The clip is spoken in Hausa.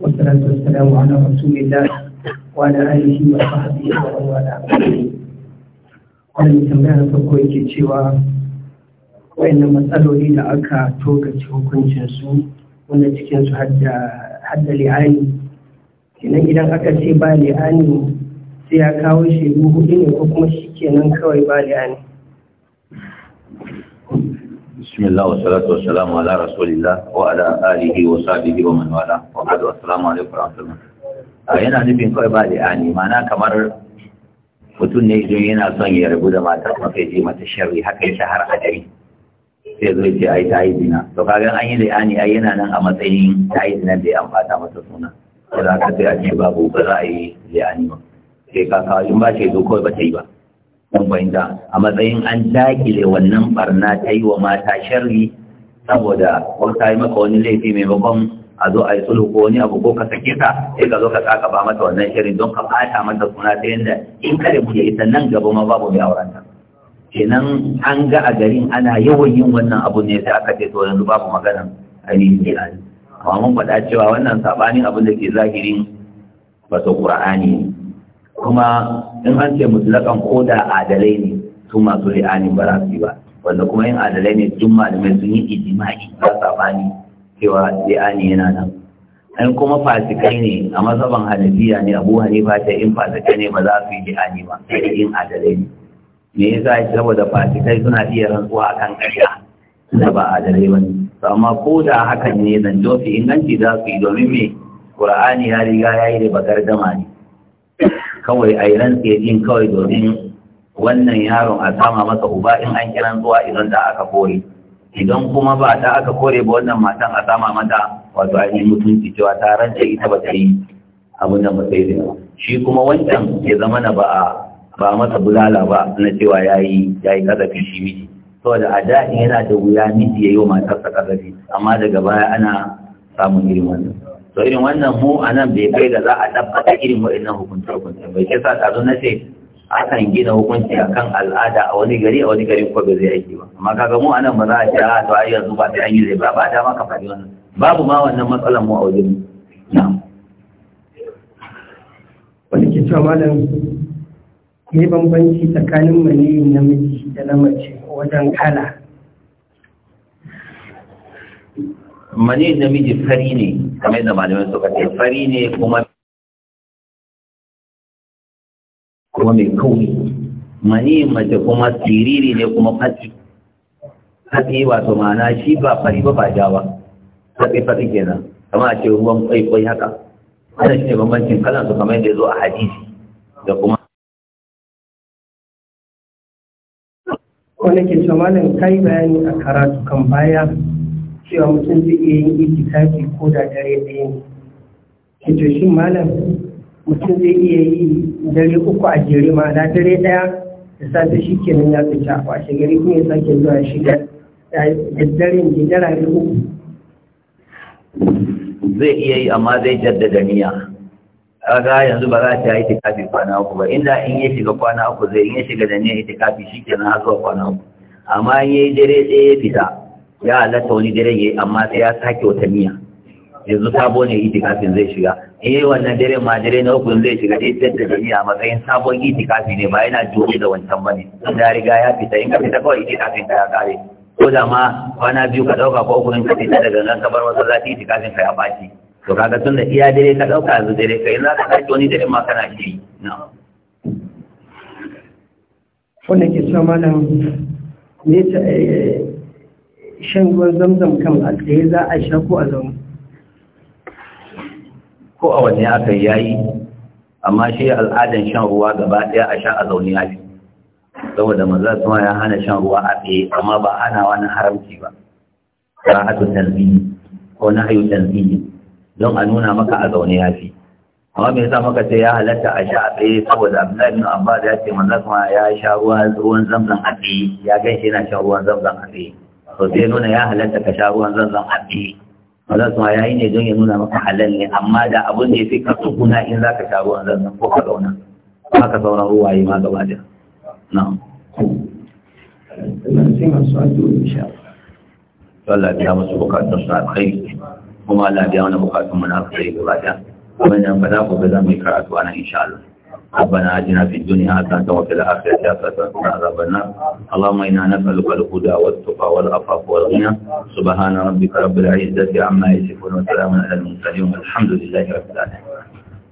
والصلاة والسلام على رسول الله وعلى آله وصحبه ومن والاه wannan tambaya na farko yake cewa wayannan matsaloli da aka tokace hukuncinsu wanda cikinsu hadda li'ani kenan idan aka ce ba li'ani sai ya kawo shaidu hudu ne ko kuma shi kenan kawai ba li'ani بسم الله والصلاة والسلام على رسول الله وعلى آله وصحبه ومن والاه وبعد السلام عليكم ورحمة الله yana nufin kawai ba li'ani mana kamar mutum ne idan yana son ya rabu da matar mafi ji mata sharri haka ya har a dare sai zai ce ai ta yi to kaga an yi li'ani ai yana nan a matsayin ta yi da ya amfata mata suna ko da haka sai a ce babu ba za a yi li'ani ba sai ka in ba ce zo kawai ba ta yi ba Ubangida a matsayin an dakile wannan barna ta yi wa mata sharri saboda ko ta yi maka wani laifi maimakon a zo a yi sulhu ko wani abu ko ka sake ta sai ka zo ka tsaka ba mata wannan shirin don ka bata mata suna ta yadda in ka da ya ita nan gaba ma babu mai aurenta kenan an ga a garin ana yawan yin wannan abu ne sai aka ce to yanzu babu ne a jihadi amma mun faɗa cewa wannan saɓanin abin da ke zahirin wato ƙura'ani ne kuma in an ce mutlakan koda adalai ne su masu li'anin ba za su yi ba wanda kuma yin adalai ne duk malamai sun yi ijima'i ba sabani cewa li'ani yana nan in kuma fasikai ne a masaban hanafiya ne abu hanifa ta in fasikai ne ba za su yi li'ani ba sai yin adalai ne me yasa ya saboda fasikai suna iya rantsuwa a kan ƙarya da ba adalai ba ne amma ko da hakan ne zan jofi inganci za su yi domin me ƙura'ani ya riga ya yi da bakar dama ne kawai a yi rantse yin kawai domin wannan yaron a sama masa uba in an kiran zuwa idan da aka kore idan kuma ba ta aka kore ba wannan matan a sama mata wato yi mutunci cewa ta rance ita ba ta yi abin da matsayi da shi kuma wancan ya zama na ba ba masa bulala ba na cewa ya yi kasafi shi miji saboda a da yana da wuya miji ya yi wa matarsa kasafi amma daga baya ana samun irin wannan to irin wannan mu a nan bai kai da za a tabbata irin waɗannan hukunta hukunta bai ke sa ɗazu na ce akan gina hukunci a kan al'ada a wani gari a wani gari ko bai zai aiki ba amma kaga mu a nan ba za a ce a ah, to ai yanzu ba sai an yi zai ba ba dama ka faɗi wannan babu ma wannan matsalar mu a wajen mu na wani ke cewa malam me bambanci tsakanin maniyin namiji da na mace wajen kala mani namiji fari ne kamar da malamai suka ce fari ne kuma kuma mai kauri mani mace kuma siriri ne kuma fati fati wato ma'ana shi ba fari ba ba ja ba fati fatsi kenan kama a ce ruwan kwaikwai haka wannan shi ne bambancin kalan su kamar yadda ya zo a hadisi da kuma wani ke malam kai bayani a karatu kan baya cewa mutum zai iya yin itikafi ko da dare ɗaya ne kito shi malam mutum zai iya yi dare uku a jere ma na dare ɗaya da safe shi kenan ya fita a washe gari kuma ya sake zuwa shiga da dare ne uku zai iya yi amma zai jaddada niyya kaga yanzu ba za ta yi itikafi kwana uku ba inda in ya shiga kwana uku zai in ya shiga da niyya itikafi shikenan har zuwa kwana uku amma in yi dare ɗaya ya fita ya halatta wani dare ya yi amma sai ya sake wata miya yanzu sabo ne itikafin zai shiga eh wannan dare ma dare na uku zai shiga dai da da miya matsayin sabon itikafi ne ba yana jure da wancan bane da riga ya fita in ka fita kawai itikafin ka ya kare ko da ma kwana biyu ka ɗauka ko uku in ka fita daga nan ka bar zafi itikafin ka ya baci to kaga tun da iya dare ka ɗauka, yanzu dare ka yanzu ka sake wani dare ma kana shiri na. wannan ke cewa malam ne shan ruwan zamzam kan a tsaye za a sha ko a zama ko a wani aka yayi amma shi al'adan shan ruwa gaba ɗaya a sha a zaune ya fi saboda maza suna ya hana shan ruwa a tsaye amma ba ana wani haramci ba a ra'atu tanzini ko na hayu tanzini don a nuna maka a zaune ya fi amma me sa maka ce ya halatta a sha a tsaye saboda Abdullahi bin da ya ce maza suna ya sha ruwan zamzan a tsaye ya shi yana shan ruwan zamzan a tsaye to sai nuna ya halatta ka sha ruwan zanzan haɗe maza su ya yi ne don ya nuna maka halal ne amma da abin da ya fi ka tsuguna in za ka sha ruwan zanzan ko ka zauna haka sauran ruwaye ma gaba da na Allah biya musu bukatun su alkhairi kuma Allah biya wani bukatun mu na alkhairi gaba da wannan fa za ku ga za mu yi karatu a nan insha Allah ربنا آتنا في الدنيا حسنة وفي الآخرة حسنة وقنا عذاب النار اللهم إنا نسألك الهدى والتقى والعفاف والغنى سبحان ربك رب العزة عما يصفون وسلام على المرسلين والحمد لله رب العالمين